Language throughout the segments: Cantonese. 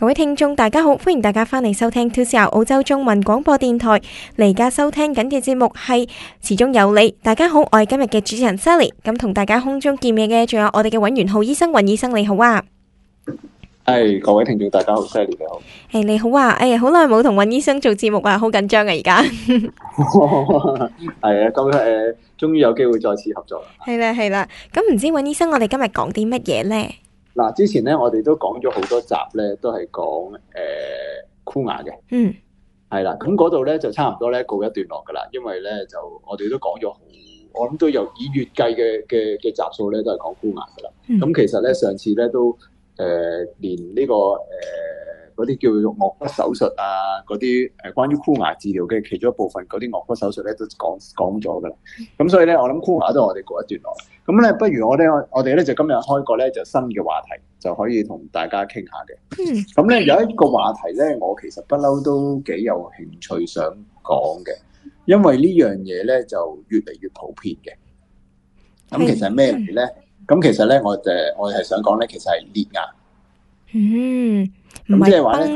各位聽眾大家好，歡迎大家翻嚟收聽 To C R 澳洲中文廣播電台。你而家收聽緊嘅節目係始終有你。大家好，我係今日嘅主持人 Sally，咁同大家空中見面嘅，仲有我哋嘅尹元晧醫生，尹醫生你好啊！係，各位聽眾大家好，Sally 你好。誒，你好啊，哎呀好耐冇同尹醫生做節目啦，好緊張啊而家。係啊，咁誒，終於有機會再次合作啦。係啦係啦，咁唔知尹醫生我哋今日講啲乜嘢呢？嗱，之前咧我哋都講咗好多集咧，都係講誒箍牙嘅，嗯、呃，係啦，咁嗰度咧就差唔多咧告一段落噶啦，因為咧就我哋都講咗好，我諗都有以月計嘅嘅嘅集數咧都係講箍牙噶啦，咁 其實咧上次咧都誒、呃、連呢、呢個誒。呃嗰啲叫做顎骨手術啊，嗰啲誒關於箍牙治療嘅其中一部分，嗰啲顎骨手術咧都講講咗噶啦。咁所以咧，我諗箍牙都我哋過一段落。咁咧，不如我咧，我哋咧就今日開個咧就新嘅話題，就可以同大家傾下嘅。咁咧有一個話題咧，我其實不嬲都幾有興趣想講嘅，因為呢樣嘢咧就越嚟越普遍嘅。咁其實係咩嚟咧？咁其實咧，我誒我係想講咧，其實係裂牙。嗯。 咁即係話咧，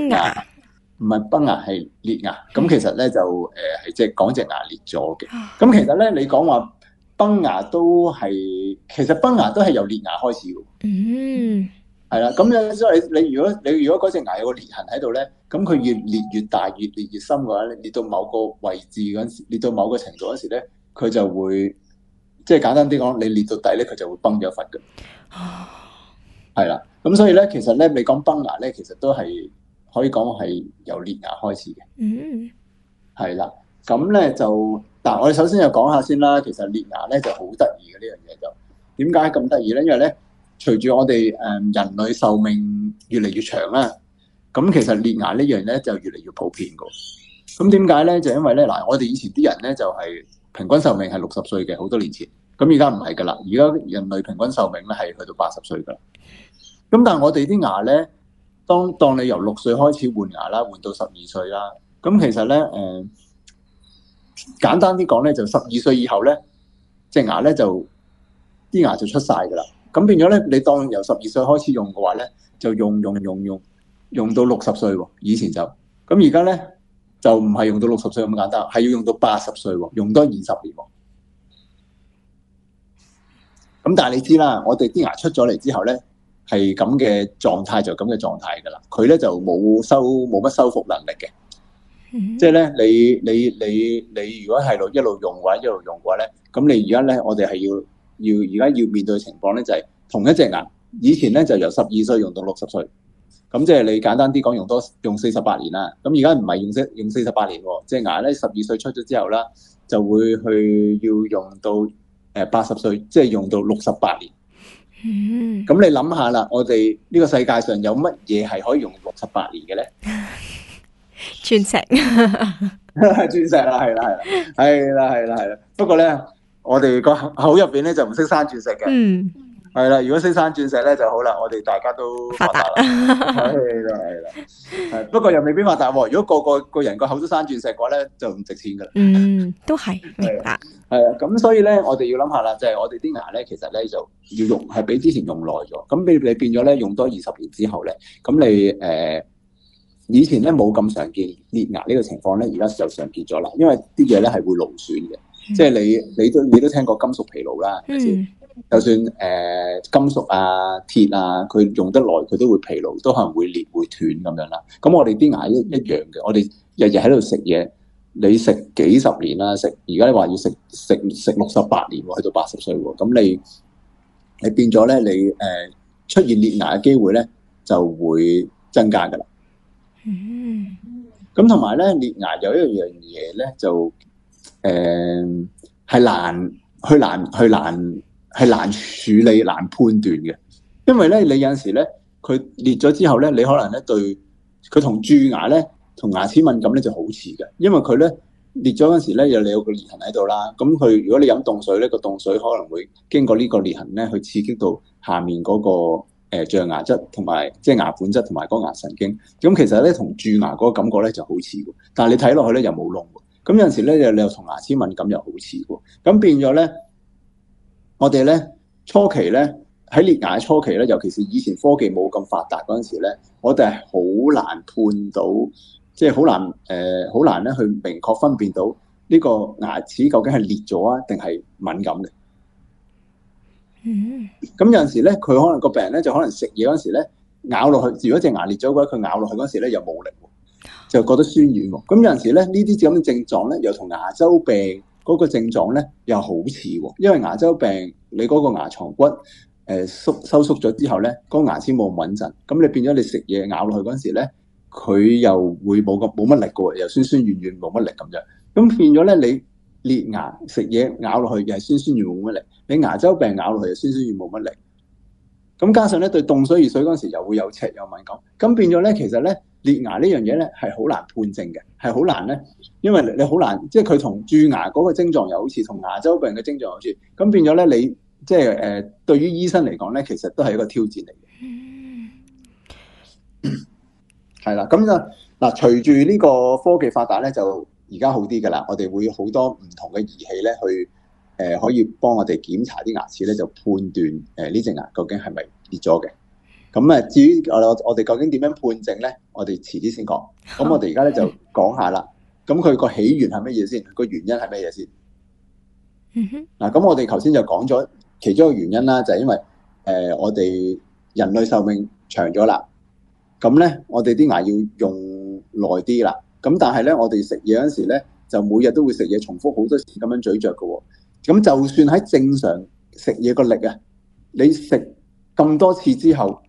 唔係崩牙，係裂牙。咁其實咧就誒，係即係講隻牙裂咗嘅。咁其實咧，你講話崩牙都係，其實崩牙都係由裂牙開始。嗯，係啦。咁有啲時候你你如果你如果嗰隻牙有個裂痕喺度咧，咁佢越裂越大，越裂越深嘅話，裂到某個位置嗰陣時，裂到某個程度嗰時咧，佢就會即係、就是、簡單啲講，你裂到底咧，佢就會崩咗一忽嘅。哦，係啦。咁所以咧，其實咧你講崩牙咧，其實都係可以講係由裂牙開始嘅。嗯，係啦。咁咧就嗱，但我哋首先就講下先啦。其實裂牙咧就好得意嘅呢樣嘢，就點解咁得意咧？因為咧，隨住我哋誒、嗯、人類壽命越嚟越長咧，咁其實裂牙呢樣咧就越嚟越普遍噶。咁點解咧？就因為咧嗱，我哋以前啲人咧就係、是、平均壽命係六十歲嘅，好多年前。咁而家唔係噶啦，而家人類平均壽命咧係去到八十歲噶。咁但係我哋啲牙咧，當當你由六歲開始換牙啦，換到十二歲啦，咁其實咧，誒、呃，簡單啲講咧，就十二歲以後咧，隻牙咧就啲牙，牙就出晒噶啦，咁變咗咧，你當由十二歲開始用嘅話咧，就用用用用用到六十歲喎，以前就咁，而家咧就唔係用到六十歲咁簡單，係要用到八十歲喎，用多二十年，哦。咁但係你知啦，我哋啲牙出咗嚟之後咧。係咁嘅狀態就咁嘅狀態噶啦，佢咧就冇收冇乜修復能力嘅，即係咧你你你你如果係一路用嘅話，一路用嘅話咧，咁你而家咧我哋係要要而家要面對嘅情況咧就係同一隻牙，以前咧就由十二歲用到六十歲，咁即係你簡單啲講用多用四十八年啦，咁而家唔係用息用四十八年喎，即係牙咧十二歲出咗之後啦，就會去要用到誒八十歲，即係用到六十八年。咁、嗯、你諗下啦，我哋呢個世界上有乜嘢係可以用六七八年嘅咧？鑽石 轉成，鑽石啦，係啦，係啦，係啦，係啦，係啦。不過咧，我哋個口入邊咧就唔識生鑽石嘅。嗯係啦，如果識生鑽石咧就好啦，我哋大家都發達啦。係啦發達，係 啦。不過又未必發達喎。如果個個個人個口都生鑽石嘅話咧，就唔值錢噶啦。嗯，都係明白。係啊的，咁所以咧，我哋要諗下啦，就係、是、我哋啲牙咧，其實咧就要用係比之前用耐咗。咁你你變咗咧，用多二十年之後咧，咁你誒、呃，以前咧冇咁常見裂牙呢個情況咧，而家就常見咗啦。因為啲嘢咧係會勞損嘅，即係、嗯、你你都你都聽過金屬疲勞啦。就算誒、呃、金屬啊、鐵啊，佢用得耐，佢都會疲勞，都可能會裂、會斷咁樣啦。咁我哋啲牙一一樣嘅，我哋日日喺度食嘢，你食幾十年啦，食而家你話要食食食六十八年，去到八十歲喎，咁你你變咗咧，你誒、呃、出現裂牙嘅機會咧就會增加㗎啦。嗯，咁同埋咧裂牙有一樣嘢咧，就誒係、呃、難去難去難，去難係難處理、難判斷嘅，因為咧你有陣時咧，佢裂咗之後咧，你可能咧對佢同蛀牙咧、同牙齒敏感咧就好似嘅，因為佢咧裂咗嗰陣時咧有你有個裂痕喺度啦，咁佢如果你飲凍水咧，個凍水可能會經過呢個裂痕咧去刺激到下面嗰個、呃、象牙質同埋即係牙本質同埋嗰個牙神經，咁其實咧同蛀牙嗰個感覺咧就好似，但係你睇落去咧又冇窿，咁有陣時咧你又同牙齒敏感又好似喎，咁變咗咧。我哋咧初期咧喺裂牙初期咧，尤其是以前科技冇咁發達嗰陣時咧，我哋係好難判到，即係好難誒，好、呃、難咧去明確分辨到呢個牙齒究竟係裂咗啊，定係敏感嘅。咁有陣時咧，佢可能個病人咧就可能食嘢嗰陣時咧咬落去，如果隻牙裂咗嘅話，佢咬落去嗰陣時咧又冇力，就覺得酸軟喎。咁有陣時咧，呢啲咁嘅症狀咧又同牙周病嗰個症狀咧又好似喎，因為牙周病你嗰個牙床骨誒、呃、縮收縮咗之後咧，嗰、嗰個、牙齒冇咁穩陣，咁你變咗你食嘢咬落去嗰陣時咧，佢又會冇個冇乜力嘅，又酸酸軟軟冇乜力咁樣，咁變咗咧你裂牙食嘢咬落去又係酸酸軟軟冇乜力，你牙周病咬落去又酸酸軟軟冇乜力，咁加上咧對凍水熱水嗰陣時又會有赤有敏感，咁變咗咧其實咧。裂牙呢樣嘢咧係好難判症嘅，係好難咧，因為你好難，即係佢同蛀牙嗰個症狀又好似，同牙周病嘅症狀又好似，咁變咗咧，你即係誒對於醫生嚟講咧，其實都係一個挑戰嚟嘅。係啦，咁啊嗱，隨住呢個科技發達咧，就而家好啲噶啦，我哋會好多唔同嘅儀器咧，去誒、呃、可以幫我哋檢查啲牙齒咧，就判斷誒呢隻牙究竟係咪裂咗嘅。咁啊，至於我我哋究竟點樣判證咧？我哋遲啲先講。咁我哋而家咧就講下啦。咁佢個起源係乜嘢先？個原因係乜嘢先？嗱，咁我哋頭先就講咗其中一個原因啦，就係因為誒我哋人類壽命長咗啦。咁咧，我哋啲牙要用耐啲啦。咁但係咧，我哋食嘢嗰時咧，就每日都會食嘢，重複好多次咁樣咀嚼嘅。咁就算喺正常食嘢個力啊，你食咁多次之後。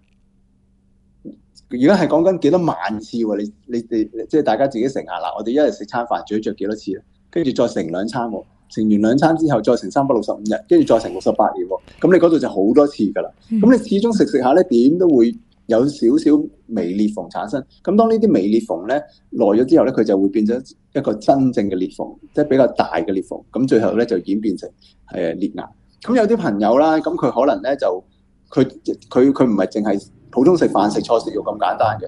而家係講緊幾多萬次喎、啊？你你哋即係大家自己乘下啦。我哋一日食餐飯最多、啊、著幾多次咧？跟住再乘兩餐、哦，乘完兩餐之後再乘三百六十五日，跟住再乘六十八年，咁你嗰度就好多次㗎啦。咁你始終食食下咧，點都會有少少微裂縫產生。咁當呢啲微裂縫咧耐咗之後咧，佢就會變咗一個真正嘅裂縫，即係比較大嘅裂縫。咁最後咧就演變成誒裂牙。咁有啲朋友啦，咁佢可能咧就佢佢佢唔係淨係。好中意食飯食菜食肉咁簡單嘅，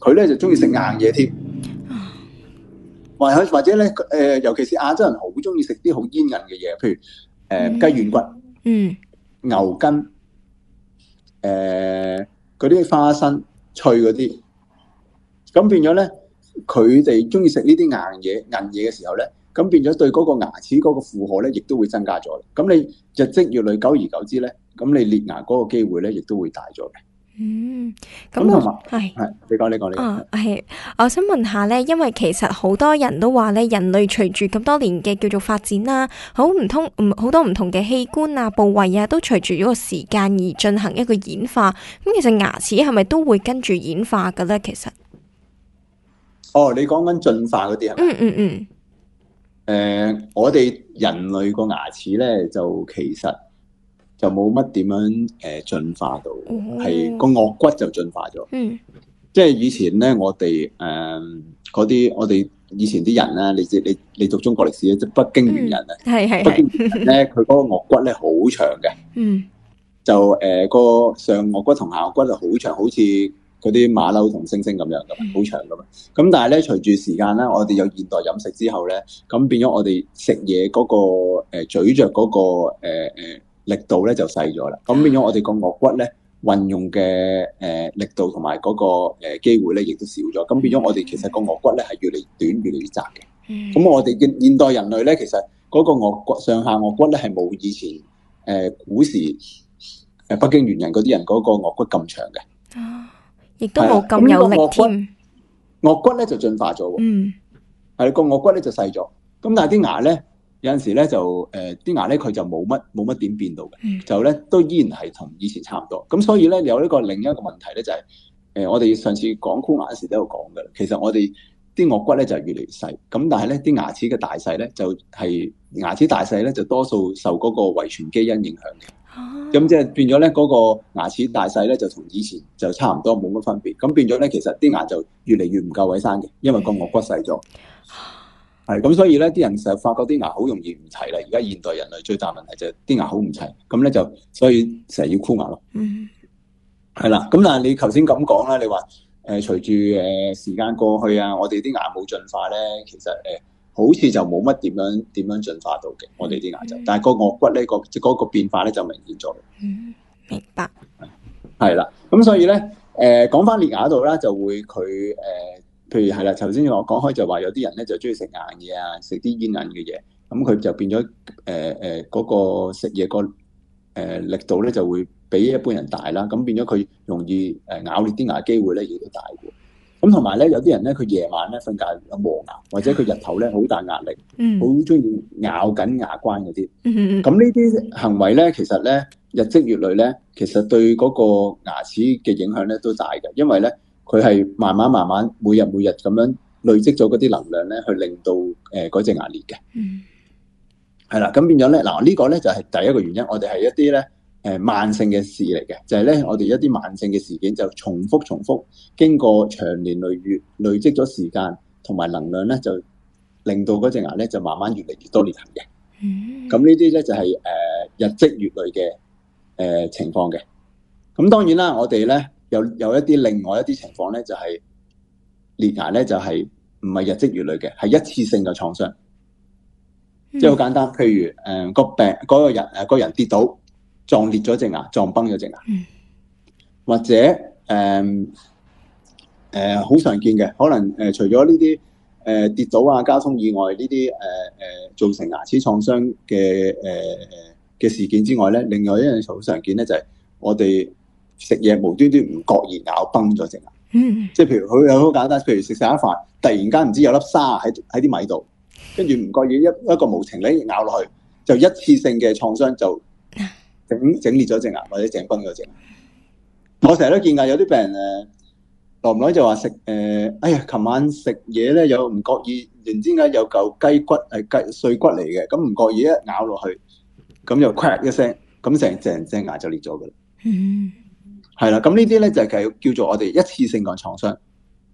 佢咧就中意食硬嘢添，或係或者咧，誒、呃，尤其是亞洲人好中意食啲好煙韌嘅嘢，譬如誒雞軟骨、嗯牛筋、誒嗰啲花生脆嗰啲，咁變咗咧，佢哋中意食呢啲硬嘢硬嘢嘅時候咧，咁變咗對嗰個牙齒嗰個負荷咧，亦都會增加咗。咁你日積月累，久而久之咧，咁你裂牙嗰個機會咧，亦都會大咗嘅。嗯，咁啊，係係你講你講你啊，係、哦、我想問下咧，因為其實好多人都話咧，人類隨住咁多年嘅叫做發展啦，好唔通唔好多唔同嘅器官啊、部位啊，都隨住呢個時間而進行一個演化。咁其實牙齒係咪都會跟住演化㗎咧？其實，哦，你講緊進化嗰啲啊？嗯嗯嗯，誒、呃，我哋人類個牙齒咧，就其實。就冇乜點樣誒進化到，係個顎骨就進化咗。嗯，即係以前咧，我哋誒嗰啲我哋以前啲人啦，你知你你讀中國歷史咧，即係北京猿人啊，係係。北京猿人咧，佢嗰個顎骨咧好長嘅，嗯，嗯就誒、呃那個上顎骨同下顎骨就好長，好似嗰啲馬騮同猩猩咁樣噶嘛，好、嗯、長噶嘛。咁但係咧，隨住時間啦，我哋有現代飲食之後咧，咁變咗我哋食嘢嗰個咀嚼嗰個誒、呃呃呃呃呃力度咧就細咗啦，咁變咗我哋個顎骨咧運用嘅誒力度同埋嗰個誒機會咧，亦都少咗。咁變咗我哋其實個顎骨咧係越嚟越短，越嚟越窄嘅。咁我哋嘅現代人類咧，其實嗰個顎骨上下顎骨咧係冇以前誒古時誒北京猿人嗰啲人嗰個顎骨咁長嘅。啊，亦都冇咁有力添。顎骨咧就進化咗。嗯，係個顎骨咧就細咗。咁但係啲牙咧。有陣時咧就誒啲、呃、牙咧佢就冇乜冇乜點變到嘅，就咧都依然係同以前差唔多。咁所以咧有呢個另一個問題咧就係、是、誒、呃、我哋上次講箍牙時都有講嘅啦。其實我哋啲顎骨咧就越嚟越細，咁但係咧啲牙齒嘅大細咧就係、是、牙齒大細咧就多數受嗰個遺傳基因影響嘅。咁即係變咗咧嗰個牙齒大細咧就同以前就差唔多冇乜分別。咁變咗咧其實啲牙就越嚟越唔夠位生嘅，因為個顎骨細咗。係咁，所以咧，啲人成日發覺啲牙好容易唔齊啦。而家現代人類最大問題就係啲牙好唔齊，咁咧就所以成日要箍牙咯。嗯，係 啦。咁但係，你頭先咁講啦，你話誒隨住誒時間過去啊，我哋啲牙冇進化咧，其實誒、呃、好似就冇乜點樣點樣進化到嘅，我哋啲牙就。 但係個顎骨，骨呢、那個即嗰、那個變化咧就明顯咗。明白。係 啦，咁、嗯、所以咧，誒、呃、講翻列牙度咧，就會佢誒。呃呃譬如係啦，頭先我講開就話有啲人咧就中意食硬嘢啊，食啲煙韌嘅嘢，咁佢就變咗誒誒嗰個食嘢個誒力度咧就會比一般人大啦，咁變咗佢容易誒咬裂啲牙嘅機會咧亦都大嘅。咁同埋咧有啲人咧，佢夜晚咧瞓覺有磨牙，或者佢日頭咧好大壓力，好中意咬緊牙關嗰啲。嗯，咁呢啲行為咧其實咧日積月累咧，其實對嗰個牙齒嘅影響咧都大嘅，因為咧。佢係慢慢慢慢，每日每日咁樣累積咗嗰啲能量咧，去令到誒嗰隻牙裂嘅。嗯，係啦，咁變咗咧，嗱呢個咧就係第一個原因。我哋係一啲咧誒慢性嘅事嚟嘅，就係咧我哋一啲慢性嘅事件就重複重複，經過長年累月累積咗時間同埋能量咧，就令到嗰隻牙咧就慢慢越嚟越多裂痕嘅。嗯，咁呢啲咧就係誒日積月累嘅誒情況嘅。咁當然啦，我哋咧。有有一啲另外一啲情況咧，就係、是、裂牙咧，就係唔係日積月累嘅，係一次性嘅創傷。即係好簡單，譬如誒、呃嗰個病嗰人誒、呃嗰個人跌倒撞裂咗隻牙，撞崩咗隻牙，嗯、或者誒誒好常見嘅，可能誒、呃、除咗呢啲誒跌倒啊、交通意外呢啲誒誒造成牙齒創傷嘅誒嘅事件之外咧，另外一樣好常見咧就係我哋。食嘢無端端唔覺意咬崩咗隻牙，即係譬如佢又好簡單，譬如食晒一飯，突然間唔知有粒沙喺喺啲米度，跟住唔覺意一個一個無情咧咬落去，就一次性嘅創傷就整整裂咗隻牙或者整崩咗隻牙。我成日都見啊，有啲病人誒，來唔來就話食誒，哎呀，琴晚食嘢咧，又唔覺意，然之間有嚿雞骨係雞、啊、碎骨嚟嘅，咁唔覺意一咬落去，咁就 q 一聲，咁成成隻牙就裂咗噶啦。係啦，咁呢啲咧就係叫做我哋一次性嘅創傷，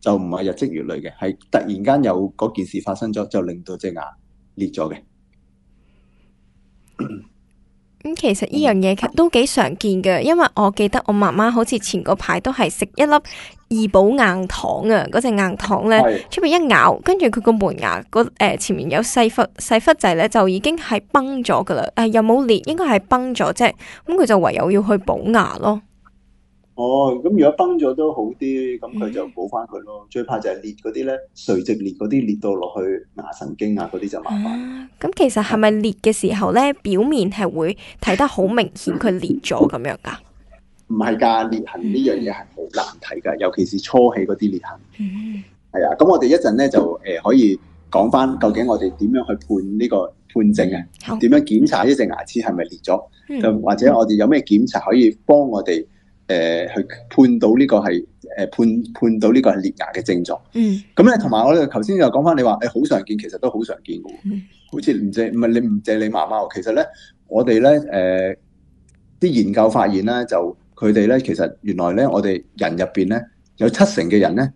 就唔係日積月累嘅，係突然間有嗰件事發生咗，就令到隻牙裂咗嘅。咁其實呢樣嘢其實都幾常見嘅，因為我記得我媽媽好似前個排都係食一粒二寶硬糖啊，嗰隻硬糖咧出面一咬，跟住佢個門牙誒前面有細忽細忽仔咧就已經係崩咗噶啦，誒又冇裂，應該係崩咗啫，咁佢就唯有要去補牙咯。哦，咁如果崩咗都好啲，咁佢就補翻佢咯。嗯、最怕就係裂嗰啲咧，垂直裂嗰啲裂到落去牙神經啊嗰啲就麻煩。咁、啊、其實係咪裂嘅時候咧，表面係會睇得好明顯佢裂咗咁樣噶？唔係噶，裂痕呢樣嘢係好難睇噶，尤其是初期嗰啲裂痕。係啊、嗯，咁我哋一陣咧就誒可以講翻究竟我哋點樣去判呢個判證嘅？點好樣檢查呢隻牙齒係咪裂咗？就、嗯、或者我哋有咩檢查可以幫我哋？誒、呃，去判到呢個係誒、呃、判判到呢個係裂牙嘅症狀。嗯，咁咧同埋我哋頭先又講翻你話，誒、欸、好常見，其實都好常見嘅。好似唔借唔係你唔借你媽媽。其實咧，我哋咧誒啲研究發現咧，就佢哋咧其實原來咧我哋人入邊咧有七成嘅人咧，誒、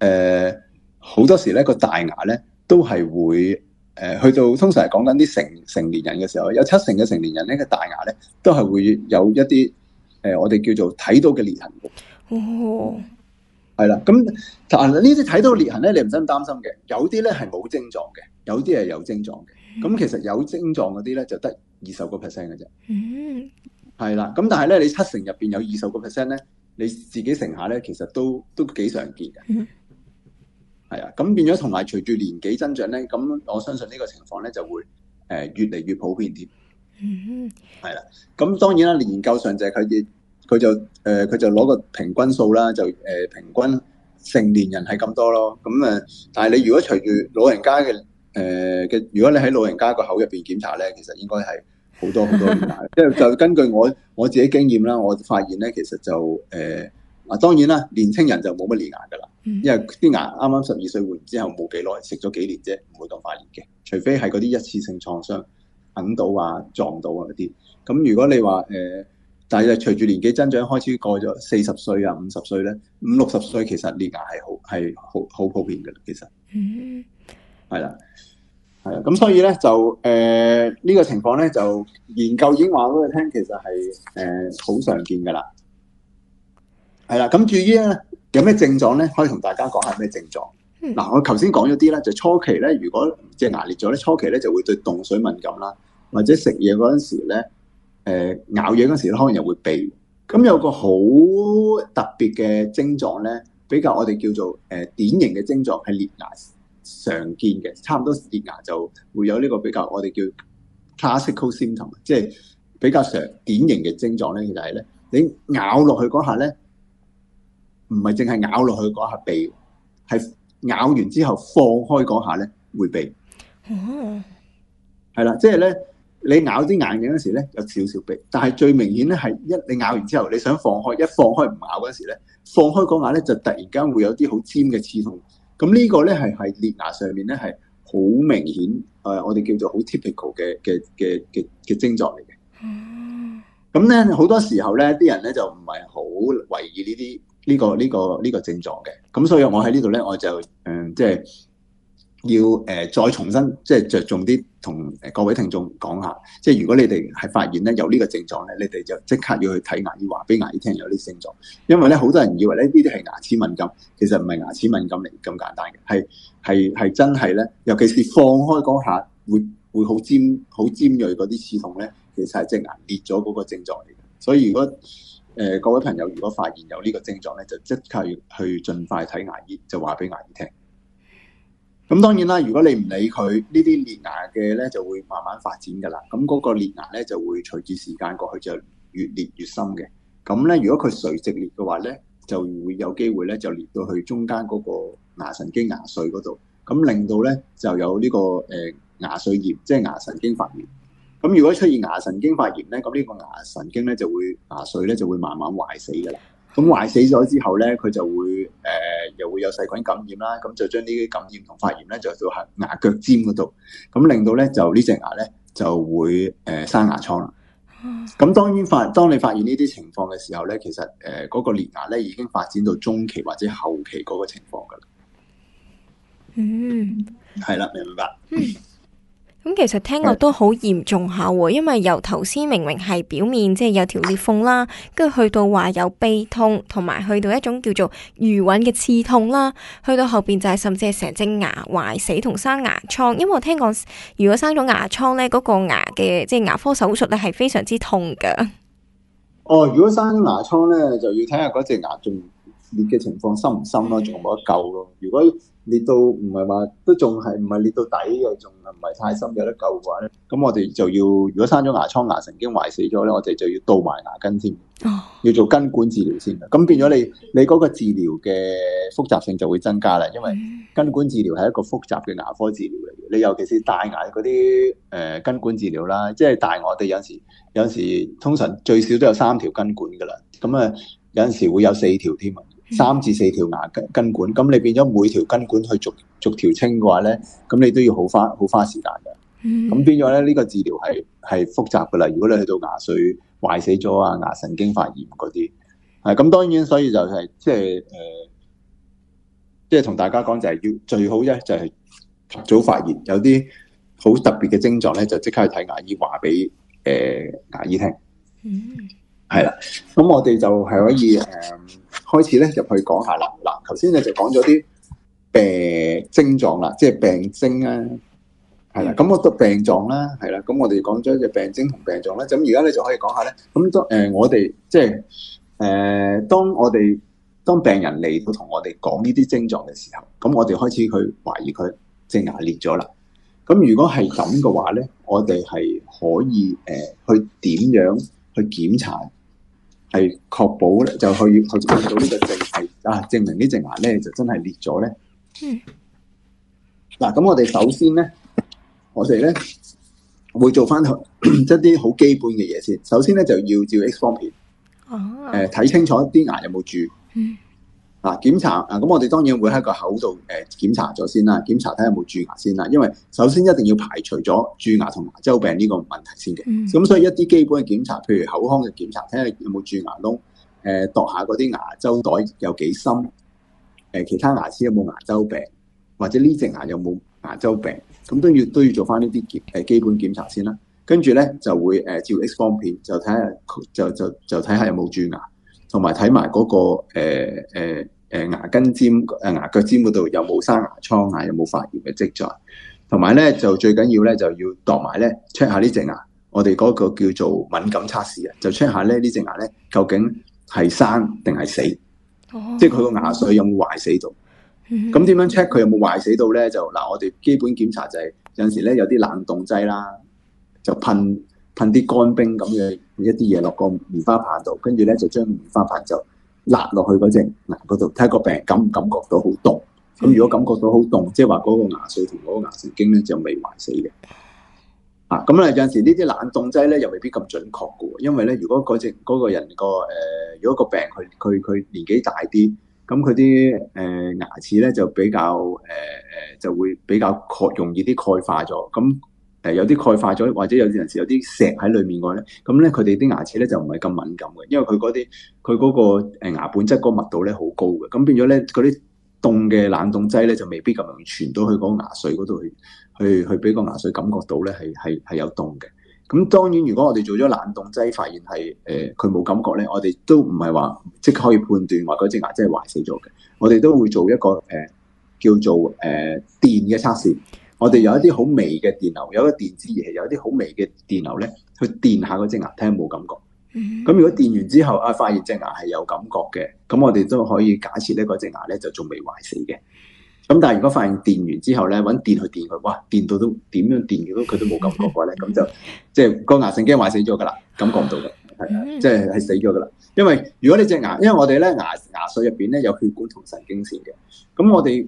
呃、好多時咧個大牙咧都係會誒、呃、去到通常嚟講緊啲成成年人嘅時候，有七成嘅成年人咧個大牙咧都係會有一啲。誒，我哋叫做睇到嘅裂痕，係啦。Oh。咁但係呢啲睇到裂痕咧，你唔使擔心嘅。有啲咧係冇症狀嘅，有啲係有症狀嘅。咁其實有症狀嗰啲咧，就得二十個 percent 嘅啫。嗯，係啦。咁但係咧，你七成入邊有二十個 percent 咧，你自己成下咧，其實都都幾常見嘅。係啊，咁變咗同埋隨住年紀增長咧，咁我相信呢個情況咧就會誒越嚟越普遍添。嗯，係啦，咁當然啦，研究上就係佢哋，佢就誒，佢、呃、就攞個平均數啦，就誒、呃、平均成年人係咁多咯，咁、嗯、啊，但係你如果隨住老人家嘅誒嘅，如果你喺老人家個口入邊檢查咧，其實應該係好多好多裂牙，即 就根據我我自己經驗啦，我發現咧，其實就誒，啊、呃、當然啦，年輕人就冇乜裂牙噶啦，因為啲牙啱啱十二歲換之後冇幾耐，食咗幾年啫，唔會咁壞牙嘅，除非係嗰啲一次性創傷。等到啊，撞到啊嗰啲。咁如果你話誒、呃，但係隨住年紀增長，開始過咗四十歲啊，五十歲咧，五六十歲其實呢個係好係好好，好普遍嘅，其實，係啦，係啦。咁所以咧就誒呢、呃這個情況咧就研究已經話咗俾你聽，其實係誒好常見噶啦。係啦，咁至於咧有咩症狀咧，可以同大家講下咩症狀。嗱、嗯啊，我頭先講咗啲咧，就是、初期咧如果即係、就是、牙裂咗咧，初期咧就會對凍水敏感啦。或者食嘢嗰陣時咧，誒、呃、咬嘢嗰陣時，可能又會痺。咁有個好特別嘅症狀咧，比較我哋叫做誒、呃、典型嘅症狀係裂牙，常見嘅，差唔多裂牙就會有呢個比較我哋叫 classical symptom，即係比較常典型嘅症狀咧，就係、是、咧，你咬落去嗰下咧，唔係淨係咬落去嗰下痺，係咬完之後放開嗰下咧會痺。哦，係啦，即係咧。你咬啲硬嘢嗰時咧，有少少痹。但係最明顯咧係一你咬完之後，你想放開，一放開唔咬嗰時咧，放開個牙咧就突然間會有啲好尖嘅刺痛。咁呢個咧係係裂牙上面咧係好明顯，誒、呃，我哋叫做好 typical 嘅嘅嘅嘅嘅症狀嚟嘅。嗯。咁咧好多時候咧，啲人咧就唔係好懷疑呢啲呢個呢個呢個症狀嘅。咁所以我喺呢度咧，我就誒即係。要誒再重新即係、就是、著重啲同各位聽眾講下，即係如果你哋係發現咧有呢個症狀咧，你哋就即刻要去睇牙醫，話俾牙醫聽有啲症狀。因為咧好多人以為咧呢啲係牙齒敏感，其實唔係牙齒敏感嚟咁簡單嘅，係係係真係咧，尤其是放開嗰下會會好尖好尖鋭嗰啲刺痛咧，其實係即係牙裂咗嗰個症狀嚟。所以如果誒、呃、各位朋友如果發現有呢個症狀咧，就即刻要去盡快睇牙醫，就話俾牙醫聽。咁當然啦，如果你唔理佢呢啲裂牙嘅咧，就會慢慢發展㗎啦。咁嗰個裂牙咧就會隨住時間過去就越裂越深嘅。咁咧，如果佢垂直裂嘅話咧，就會有機會咧就裂到去中間嗰個牙神經牙髓嗰度，咁令到咧就有呢個誒牙髓炎，即係牙神經發炎。咁如果出現牙神經發炎咧，咁呢個牙神經咧就會牙髓咧就會慢慢壞死㗎啦。咁壞死咗之後咧，佢就會誒、呃、又會有細菌感染啦，咁就將呢啲感染同發炎咧，就到係牙腳尖嗰度，咁令到咧就隻呢隻牙咧就會誒、呃、生牙瘡啦。咁當然發，當你發現呢啲情況嘅時候咧，其實誒嗰、呃那個裂牙，咧已經發展到中期或者後期嗰個情況噶啦。嗯、mm，係、hmm. 啦，明唔明白？ 咁其實聽落都好嚴重下，因為由頭先明明係表面，即係有條裂縫啦，跟住去到話有悲痛，同埋去到一種叫做餘韻嘅刺痛啦，去到後邊就係甚至係成隻牙壞死同生牙瘡。因為我聽講，如果生咗牙瘡咧，嗰個牙嘅即係牙科手術咧係非常之痛噶。哦，如果生牙瘡咧，就要睇下嗰隻牙仲裂嘅情況深唔深咯，仲冇得救咯。如果裂到唔係話，都仲係唔係裂到底，又仲係唔係太深有得救嘅話咧？咁我哋就要，如果生咗牙瘡、牙神經壞死咗咧，我哋就要倒埋牙根添，要做根管治療先。咁變咗你，你嗰個治療嘅複雜性就會增加啦，因為根管治療係一個複雜嘅牙科治療嚟嘅。你尤其是大牙嗰啲，誒、呃、根管治療啦，即係大牙，我哋有時有時通常最少都有三條根管噶啦，咁啊有陣時會有四條添啊。三至四條牙根根管，咁你變咗每條根管去逐逐條清嘅話咧，咁你都要好花好花時間嘅。咁變咗咧，呢個治療係係複雜嘅啦。如果你去到牙髓壞死咗啊，牙神經發炎嗰啲，係咁當然，所以就係即係誒，即係同大家講就係要最好咧，就係及早發現。有啲好特別嘅症狀咧，就即刻去睇牙醫，話俾誒牙醫聽。係啦，咁我哋就係可以誒開始咧入去講下啦。嗱，頭先咧就講咗啲病症狀啦，即係病徵啊，係啦。咁我得病狀啦，係啦。咁我哋講咗只病徵同病狀啦。咁而家咧就可以講，呃、下咧。咁當誒我哋，啊、嗯嗯呃、即係誒、呃、當我哋當病人嚟到同我哋講呢啲症狀嘅時候，咁我哋開始去懷疑佢即係牙裂咗啦。咁如果係咁嘅話咧，我哋係可以誒、呃、去點樣去檢查？係確保咧，就去去做到呢個證係啊，證明隻呢隻牙咧就真係裂咗咧。嗯。嗱、啊，咁我哋首先咧，我哋咧會做翻一啲好基本嘅嘢先。首先咧就要照 X 光片，誒、呃，睇清楚啲牙有冇蛀。嗯。嗯。啊，檢查啊，咁我哋當然會喺個口度誒檢查咗先啦，檢查睇下有冇蛀牙先啦。因為首先一定要排除咗蛀牙同牙周病呢個問題先嘅。咁、嗯、所以一啲基本嘅檢查，譬如口腔嘅檢查，睇、啊、下有冇蛀牙窿，誒度下嗰啲牙周袋有幾深，誒、啊、其他牙齒有冇牙周病，或者呢隻牙有冇牙周病，咁都要都要做翻呢啲檢誒基本檢查先啦。跟住咧就會誒照 X 光片，就睇下就就就睇下有冇蛀牙。同埋睇埋嗰個誒誒、呃呃、牙根尖、誒牙腳尖嗰度有冇生牙瘡牙、啊，有冇發炎嘅跡象。同埋咧就最緊要咧就要度埋咧 check 下呢隻牙，我哋嗰個叫做敏感測試啊，就 check 下咧呢隻牙咧究竟係生定係死，哦、即係佢個牙髓有冇壞死到。咁點、哦、樣 check 佢有冇壞死到咧？就嗱，我哋基本檢查就係、是、有陣時咧有啲冷凍劑啦，就噴。噴啲乾冰咁嘅一啲嘢落個棉花棒度，跟住咧就將棉花棒就擸落去嗰隻牙嗰度，睇下個病感唔感覺到好凍。咁如果感覺到好凍，即係話嗰個牙髓同嗰個牙神經咧就未壞死嘅。啊，咁啊有陣時呢啲冷凍劑咧又未必咁準確嘅，因為咧如果嗰隻嗰個人個誒，如果，、嗰個呃、如果個病佢佢佢年紀大啲，咁佢啲誒牙齒咧就比較誒誒、呃、就會比較確容易啲鈣化咗咁。誒有啲鈣化咗，或者有啲人士有啲石喺裏面嘅話咧，咁咧佢哋啲牙齒咧就唔係咁敏感嘅，因為佢嗰啲佢嗰個牙本質嗰個密度咧好高嘅，咁變咗咧嗰啲凍嘅冷凍劑咧就未必咁容易傳到去嗰個牙髓嗰度去，去去俾個牙髓感覺到咧係係係有凍嘅。咁當然，如果我哋做咗冷凍劑發現係誒佢冇感覺咧，我哋都唔係話即刻可以判斷話嗰隻牙即係壞死咗嘅。我哋都會做一個誒、呃、叫做誒、呃、電嘅測試。我哋有一啲好微嘅電流，有一個電子儀器，有一啲好微嘅電流咧，去電下嗰隻牙，睇下有冇感覺。咁、嗯、如果電完之後，啊發現隻牙係有感覺嘅，咁我哋都可以假設呢個隻牙咧就仲未壞死嘅。咁但係如果發現電完之後咧，揾電去電佢，哇，電到都點樣電，佢都佢都冇感覺嘅話咧，咁就即係、就是、個牙神經壞死咗噶啦，感覺唔到嘅，係啊，即係係死咗噶啦。因為如果你隻牙，因為我哋咧牙牙髓入邊咧有血管同神經線嘅，咁我哋。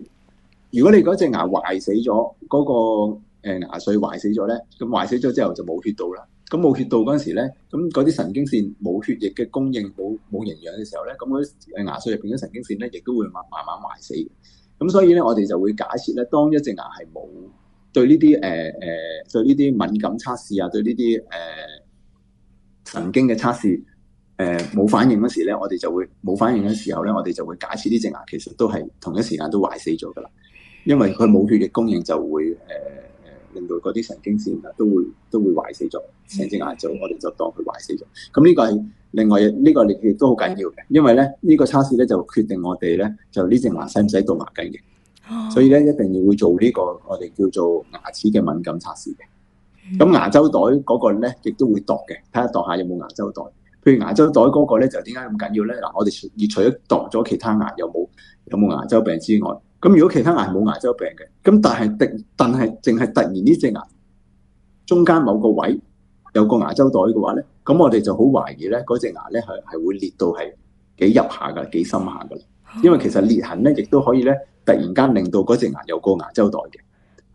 如果你嗰隻牙壞死咗，嗰個誒牙髓壞死咗咧，咁壞死咗之後就冇血道啦。咁冇血道嗰陣時咧，咁嗰啲神經線冇血液嘅供應，冇冇營養嘅時候咧，咁嗰啲誒牙髓入邊嘅神經線咧，亦都會慢慢慢壞死。咁所以咧，我哋就會假設咧，當一隻牙係冇對呢啲誒誒對呢啲敏感測試啊，對呢啲誒神經嘅測試誒冇反應嗰時咧，我哋就會冇反應嘅時候咧，我哋就會假設呢隻牙其實都係同一時間都壞死咗噶啦。因為佢冇血液供應，就會誒誒、呃，令到嗰啲神經線都會都會壞死咗，成隻、嗯嗯、牙就我哋就當佢壞死咗。咁呢、嗯嗯、個係另外呢、呢個力，亦都好緊要嘅，因為咧呢、呢個測試咧就決定我哋咧就呢隻牙使唔使杜牙根嘅，所以咧一定要會做呢、呢個我哋叫做牙齒嘅敏感測試嘅。咁、嗯嗯、牙周袋嗰個咧亦都會度嘅，睇下度下有冇牙周袋。譬如牙周袋嗰個咧就點解咁緊要咧？嗱，我哋而除咗度咗其他牙有冇有冇牙周病之外，咁如果其他牙冇牙周病嘅，咁但係突但係淨係突然呢隻牙中間某個位有個牙周袋嘅話咧，咁我哋就好懷疑咧，嗰隻牙咧係係會裂到係幾入下噶，幾深下噶啦。因為其實裂痕咧，亦都可以咧，突然間令到嗰隻牙有個牙周袋嘅，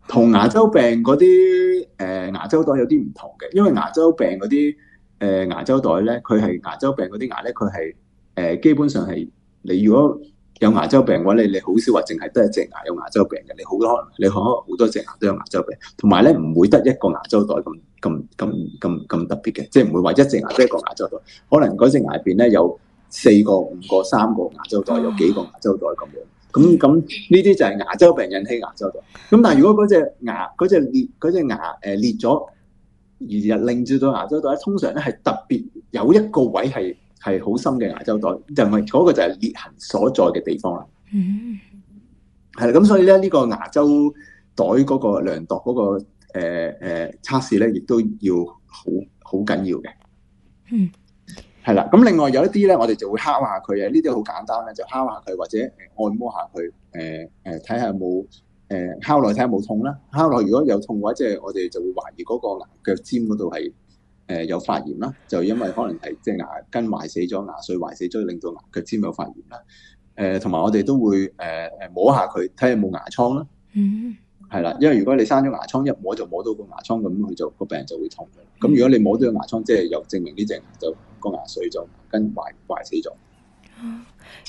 同牙周病嗰啲誒牙周袋有啲唔同嘅。因為牙周病嗰啲誒牙周袋咧，佢係牙周病嗰啲牙咧，佢係誒基本上係你如果。有牙周病嘅話咧，你好少話淨係得一隻牙有牙周病嘅，你好多你可能好多隻牙都有牙周病，同埋咧唔會得一個牙周袋咁咁咁咁咁特別嘅，即係唔會話一隻牙得一個牙周袋，可能嗰隻牙入邊咧有四個、五個、三個牙周袋，有幾個牙周袋咁樣。咁咁呢啲就係牙周病引起牙周袋。咁但係如果嗰隻牙嗰隻裂隻牙誒裂咗，而令住到牙周袋咧，通常咧係特別有一個位係。係好深嘅牙周袋，就係嗰個就係裂痕所在嘅地方啦。嗯，係啦，咁所以咧呢個牙周袋嗰個量度嗰個誒誒測試咧，亦都要好好緊要嘅。嗯，係啦，咁另外有一啲咧，我哋就會敲下佢嘅，呢啲好簡單咧，就敲下佢或者按摩下佢，誒誒睇下冇，誒敲落睇下冇痛啦。敲落如果有痛嘅話，即係我哋就會懷疑嗰個牙腳尖嗰度係。誒、呃、有發炎啦，就因為可能係即係牙根壞死咗，牙髓壞死咗，令到牙腳尖有發炎啦。誒同埋我哋都會誒誒摸下佢，睇下有冇牙瘡啦。嗯，係啦，因為如果你生咗牙瘡，一摸就摸到個牙瘡咁，佢就個病就會痛嘅。咁如果你摸到牙瘡，即係又證明呢隻牙就個牙髓就根壞壞死咗。哦、嗯，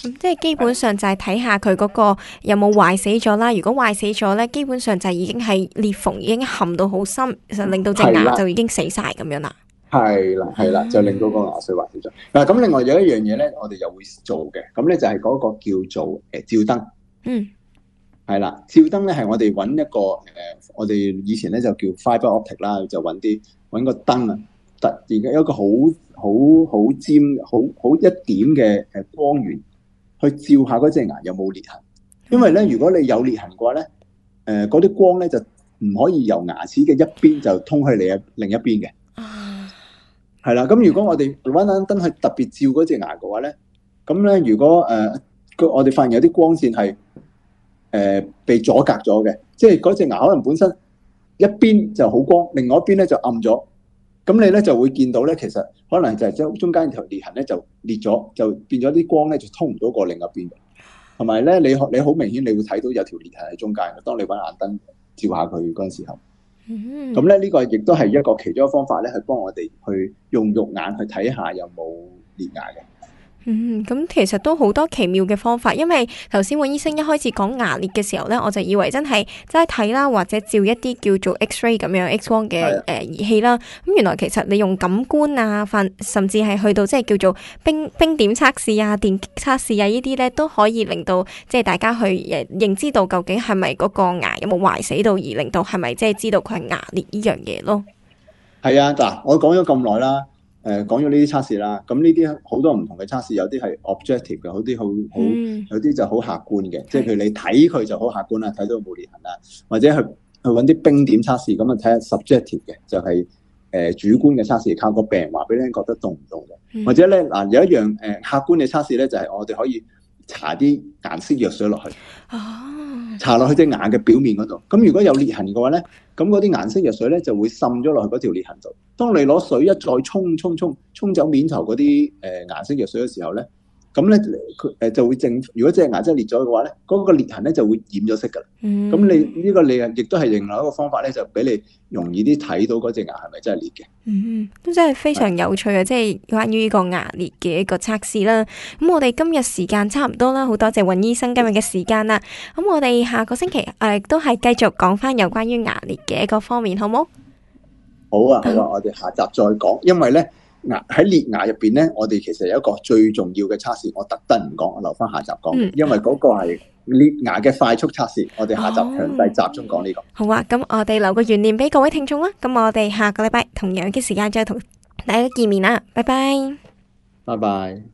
嗯、即係基本上就係睇下佢嗰個有冇壞死咗啦。如果壞死咗咧，基本上就已經係裂縫已經陷到好深，其實令到隻牙就已經死晒咁樣啦。係啦，係啦，就令到個牙髓壞掉咗。嗱，咁另外有一樣嘢咧，我哋又會做嘅，咁咧就係嗰個叫做誒照燈。嗯，係啦，照燈咧係我哋揾一個誒，我哋以前咧就叫 fiber optic 啦，就揾啲揾個燈啊，突然間有個好好好尖、好好一點嘅誒光源去照下嗰隻牙有冇裂痕。因為咧，如果你有裂痕嘅話咧，誒嗰啲光咧就唔可以由牙齒嘅一邊就通去你嘅另一邊嘅。係啦，咁如果我哋揾眼燈去特別照嗰隻牙嘅話咧，咁咧如果誒、呃，我哋發現有啲光線係誒、呃、被阻隔咗嘅，即係嗰隻牙可能本身一邊就好光，另外一邊咧就暗咗，咁你咧就會見到咧，其實可能就係將中間條裂痕咧就裂咗，就變咗啲光咧就通唔到過另一邊，同埋咧你你好明顯，你會睇到有條裂痕喺中間。當你揾眼燈照下佢嗰陣時候。咁咧，呢個亦都係一個其中一個方法咧，去幫我哋去用肉眼去睇下有冇裂牙嘅。嗯，咁其實都好多奇妙嘅方法，因為頭先尹醫生一開始講牙裂嘅時候咧，我就以為真係齋睇啦，或者照一啲叫做 X-ray 咁樣 X 光嘅誒儀器啦。咁的、呃、原來其實你用感官啊，甚至係去到即係叫做冰冰點測試啊、電擊測試啊呢啲咧，都可以令到即係大家去認知到究竟係咪嗰個牙有冇壞死到，而令到係咪即係知道佢係牙裂呢樣嘢咯。係啊，嗱，我講咗咁耐啦。誒講咗呢啲測試啦，咁呢啲好多唔同嘅測試，有啲係 objective 嘅，有啲好好，有啲就好客觀嘅，嗯、即係佢你睇佢就好客觀啦，睇的到冇裂痕啦，或者去去揾啲冰點測試，咁啊睇下 subjective 嘅，就係、是、誒、呃、主觀嘅測試，靠個病人話俾你覺得凍唔凍嘅，嗯、或者咧嗱有一樣誒、呃、客觀嘅測試咧，就係、是、我哋可以搽啲顏色藥水落去。啊搽落去隻牙嘅表面嗰度，咁如果有裂痕嘅話咧，咁嗰啲顏色藥水咧就會滲咗落去嗰條裂痕度。當你攞水一再沖沖沖沖走面頭嗰啲誒顏色藥水嘅時候咧。咁咧，佢誒就會正。如果隻牙真係裂咗嘅話咧，嗰個裂痕咧就會染咗色噶。咁你呢個裂痕亦都係另外一個方法咧，就俾你容易啲睇到嗰隻牙係咪真係裂嘅。嗯，都真係非常有趣嘅，即係是關於呢個牙裂嘅一個測試啦。咁我哋今日時間差唔多啦，好多謝尹醫生今日嘅時間啦。咁我哋下個星期誒、呃、都係繼續講翻有關於牙裂嘅一個方面，好唔好？嗯、好啊，好啊，我哋下集再講，因為咧。牙喺裂牙入邊咧，我哋其實有一個最重要嘅測試，我特登唔講，我留翻下集講，因為嗰個係裂牙嘅快速測試，我哋下集強制集中講呢、這個、嗯哦。好啊，咁我哋留個懸念俾各位聽眾啦。咁我哋下個禮拜同樣嘅時間再同大家見面啦。拜拜，拜拜。